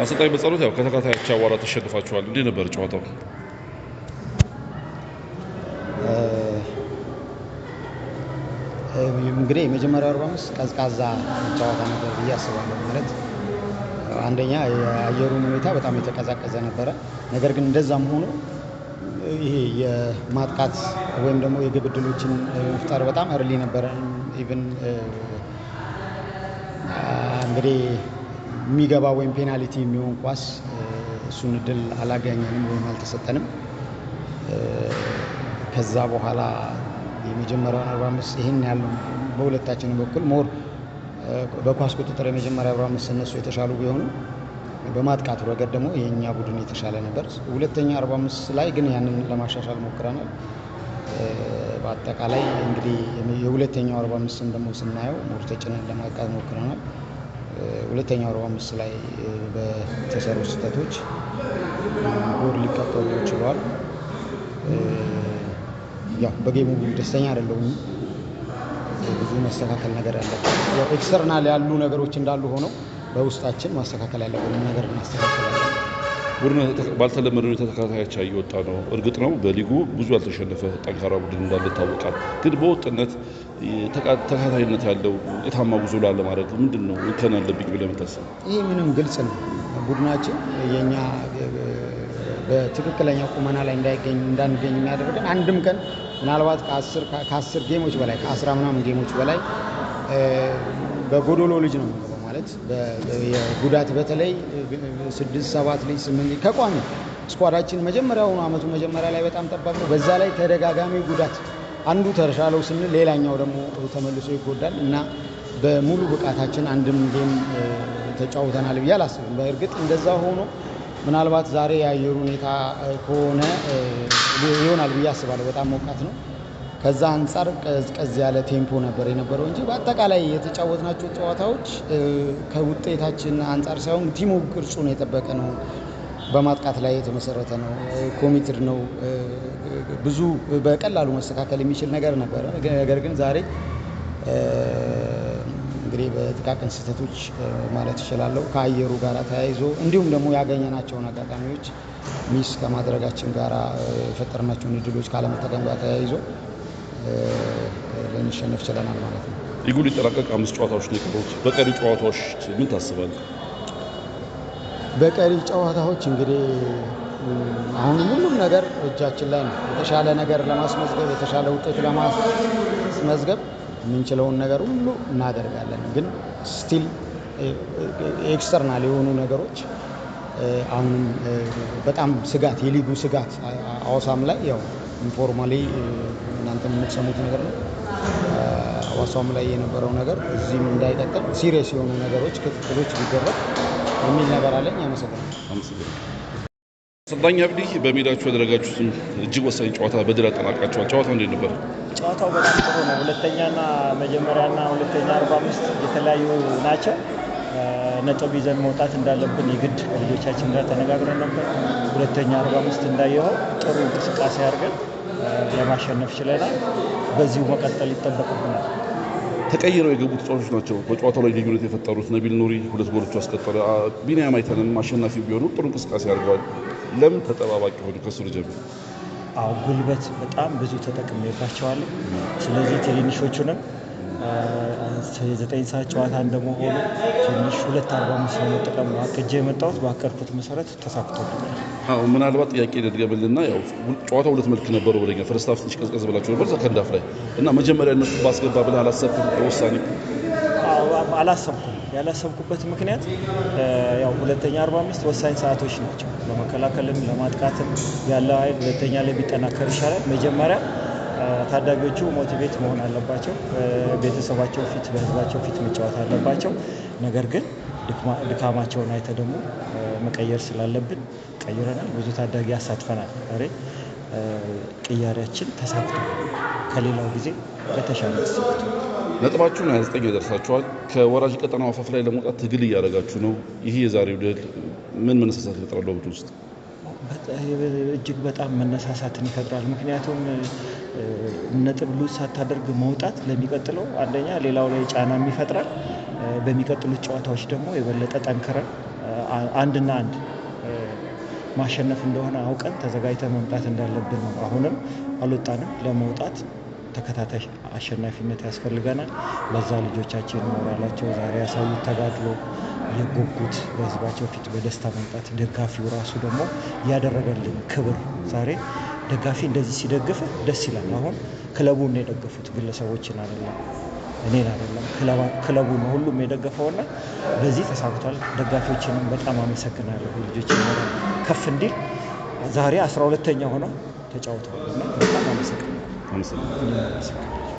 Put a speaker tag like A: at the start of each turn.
A: አሰልጣኝ በጸሎት ያው ከተከታታዮች አዋራ ተሸንፋችኋል። እንዴት ነበር ጨዋታው?
B: እንግዲህ የመጀመሪያው አርባ ቀዝቃዛ ጨዋታ ነበር ብዬ አስባለሁ። ማለት አንደኛ የአየሩን ሁኔታ በጣም የተቀዛቀዘ ነበረ። ነገር ግን እንደዛም ሆኖ ይሄ የማጥቃት ወይም ደግሞ የግብ ዕድሎችን መፍጠር በጣም እርሊ ነበረ ኢቭን እንግዲህ የሚገባ ወይም ፔናልቲ የሚሆን ኳስ እሱን እድል አላገኘንም ወይም አልተሰጠንም። ከዛ በኋላ የመጀመሪያውን 45 ይህን ያለው በሁለታችን በኩል ሞር በኳስ ቁጥጥር የመጀመሪያ 45 እነሱ የተሻሉ ቢሆኑ በማጥቃቱ ረገድ ደግሞ የእኛ ቡድን የተሻለ ነበር። ሁለተኛ 45 ላይ ግን ያንን ለማሻሻል ሞክረናል። በአጠቃላይ እንግዲህ የሁለተኛው 45ን ደግሞ ስናየው ሞር ተጭነን ለማጥቃት ሞክረናል። ሁለተኛው ሩብ አምስት ላይ በተሰሩ ስህተቶች ጎል ሊቀጠሉ ችሏል። ያው በጌሙ ደስተኛ አይደለሁም። ብዙ መስተካከል ነገር ያለበት ያው ኤክስተርናል ያሉ ነገሮች እንዳሉ ሆነው በውስጣችን ማስተካከል ያለብን ነገር እናስተካከላለን።
A: ቡድኑ ባልተለመደ ሁኔታ ተከታታዮቻ እየወጣ ነው። እርግጥ ነው በሊጉ ብዙ ያልተሸነፈ ጠንካራ ቡድን እንዳለ ይታወቃል። ግን በወጥነት ተከታታይነት ያለው የታማ ጉዞ ላ ማድረግ ምንድን ነው እንከን አለብኝ ብለህ የምታስብ?
B: ይህ ምንም ግልጽ ነው። ቡድናችን የኛ በትክክለኛ ቁመና ላይ እንዳይገኝ እንዳንገኝ የሚያደርገን አንድም ቀን ምናልባት ከአስር ጌሞች በላይ ከአስራ ምናምን ጌሞች በላይ በጎዶሎ ልጅ ነው ማለት ጉዳት በተለይ ስድስት ሰባት ልጅ ስምንት ከቋሚ ስኳዳችን መጀመሪያው አመቱ መጀመሪያ ላይ በጣም ጠባብ ነው። በዛ ላይ ተደጋጋሚ ጉዳት አንዱ ተሻለው ስንል ሌላኛው ደግሞ ተመልሶ ይጎዳል እና በሙሉ ብቃታችን አንድም ጌም ተጫውተናል ብዬ አላስብም። በእርግጥ እንደዛ ሆኖ ምናልባት ዛሬ የአየር ሁኔታ ከሆነ ይሆናል ብዬ አስባለሁ። በጣም ሞቃት ነው። ከዛ አንጻር ቀዝቀዝ ያለ ቴምፖ ነበር የነበረው እንጂ በአጠቃላይ የተጫወትናቸው ጨዋታዎች ከውጤታችን አንጻር ሳይሆን ቲሙ ቅርጹን የጠበቀ ነው። በማጥቃት ላይ የተመሰረተ ነው። ኮሚትድ ነው። ብዙ በቀላሉ መስተካከል የሚችል ነገር ነበረ። ነገር ግን ዛሬ እንግዲህ በጥቃቅን ስህተቶች ማለት ይችላለሁ ከአየሩ ጋር ተያይዞ እንዲሁም ደግሞ ያገኘናቸውን አጋጣሚዎች ሚስ ከማድረጋችን ጋር የፈጠርናቸውን እድሎች ካለመጠቀም ጋር ተያይዞ
A: ልንሸነፍ ችለናል ማለት ነው። ሊጉ ሊጠናቀቅ አምስት ጨዋታዎች ነው የቀሩት። በቀሪ ጨዋታዎች ምን ታስባል?
B: በቀሪ ጨዋታዎች እንግዲህ አሁን ሁሉም ነገር እጃችን ላይ ነው። የተሻለ ነገር ለማስመዝገብ የተሻለ ውጤት ለማስመዝገብ የምንችለውን ነገር ሁሉ እናደርጋለን። ግን ስቲል ኤክስተርናል የሆኑ ነገሮች አሁንም በጣም ስጋት የሊጉ ስጋት አዋሳም ላይ ያው ኢንፎርማሊ eh, እናንተ የምትሰሙት ነገር ነው። eh, አዋሳውም ላይ የነበረው ነገር እዚህም እንዳይቀጥል ሲሪየስ የሆኑ ነገሮች ክትትሎች ሊደረግ የሚል ነገር አለኝ። አመሰግናለሁ።
A: አሰልጣኝ አብዲ በሜዳችሁ ያደረጋችሁትን እጅግ ወሳኝ ጨዋታ በድል አጠናቃችኋል። ጨዋታው እንዴት ነበር?
B: ጨዋታው በጣም ጥሩ ነው። ሁለተኛና መጀመሪያና ሁለተኛ አርባ አምስት የተለያዩ ናቸው። ነጥብ ይዘን መውጣት እንዳለብን የግድ ከልጆቻችን ጋር ተነጋግረን ነበር። ሁለተኛ አርባ አምስት እንዳየኸው ጥሩ እንቅስቃሴ አድርገን ለማሸነፍ ችለናል። በዚሁ መቀጠል ይጠበቅብናል።
A: ተቀይረው የገቡት ተጫዋቾች ናቸው በጨዋታው ላይ ልዩነት የፈጠሩት። ነቢል ኑሪ ሁለት ጎሎች አስቆጠረ። ቢኒያም አይተንም አሸናፊ ቢሆኑ ጥሩ እንቅስቃሴ አድርገዋል። ለምን ተጠባባቂ ሆኑ? ከሱ ልጀምር።
B: አዎ ጉልበት በጣም ብዙ ተጠቅሜባቸዋለሁ። ስለዚህ ትንንሾቹንም ዘጠኝ ሰዓት ጨዋታ እንደመሆኑ ትንሽ ሁለት አርባ አምስት ለመጠቀም አቅጄ የመጣሁት ባቀድኩት መሰረት ተሳክቶልኛል።
A: አዎ ምናልባት ጥያቄ ልድገምልና ያው ጨዋታ ሁለት መልክ ነበረው ብለኛል። ፈርስት ሀፍ ትንሽ ቀዝቀዝ ብላቸው ነበር ሰከንዳፍ ላይ እና መጀመሪያ እነሱ ባስገባ ብለህ አላሰብኩም በውሳኔ
B: አላሰብኩም። ያላሰብኩበት ምክንያት ያው ሁለተኛ 45 ወሳኝ ሰዓቶች ናቸው። ለመከላከልም ለማጥቃትም ያለው ኃይል ሁለተኛ ላይ ቢጠናከር ይሻላል። መጀመሪያ ታዳጊዎቹ ሞቲቬት መሆን አለባቸው። ቤተሰባቸው ፊት፣ በህዝባቸው ፊት መጫወት አለባቸው። ነገር ግን ድካማቸውን አይተ ደግሞ መቀየር ስላለብን ቀይረናል። ብዙ ታዳጊ አሳትፈናል። ዛሬ ቅያሪያችን ተሳክቶ ከሌላው ጊዜ በተሻለ ተሳክቶ
A: ነጥባችሁ 29 ደርሳችኋል። ከወራጅ ቀጠናው አፋፍ ላይ ለመውጣት ትግል እያደረጋችሁ ነው። ይህ የዛሬው ድል ምን መነሳሳት ይፈጥራል? ውስጥ
B: እጅግ በጣም መነሳሳትን ይፈጥራል። ምክንያቱም ነጥብ ሉዝ ሳታደርግ መውጣት ለሚቀጥለው አንደኛ ሌላው ላይ ጫናም ይፈጥራል። በሚቀጥሉት ጨዋታዎች ደግሞ የበለጠ ጠንክረን አንድና አንድ ማሸነፍ እንደሆነ አውቀን ተዘጋጅተን መምጣት እንዳለብን ነው። አሁንም አልወጣንም። ለመውጣት ተከታታይ አሸናፊነት ያስፈልገናል። ለዛ ልጆቻችን ሞራላቸው ዛሬ ያሳዩት ተጋድሎ፣ የጉጉት በህዝባቸው ፊት በደስታ መምጣት ደጋፊው ራሱ ደግሞ ያደረገልን ክብር ዛሬ ደጋፊ እንደዚህ ሲደግፍ ደስ ይላል። አሁን ክለቡን የደገፉት ግለሰቦችን አይደለም፣ እኔን አይደለም፣ ክለቡ ነው ሁሉም የደገፈውና በዚህ ተሳክቷል። ደጋፊዎችንም በጣም አመሰግናለሁ። ልጆች ከፍ እንዲል ዛሬ አስራ ሁለተኛ ሆነው እና በጣም አመሰግናለሁ።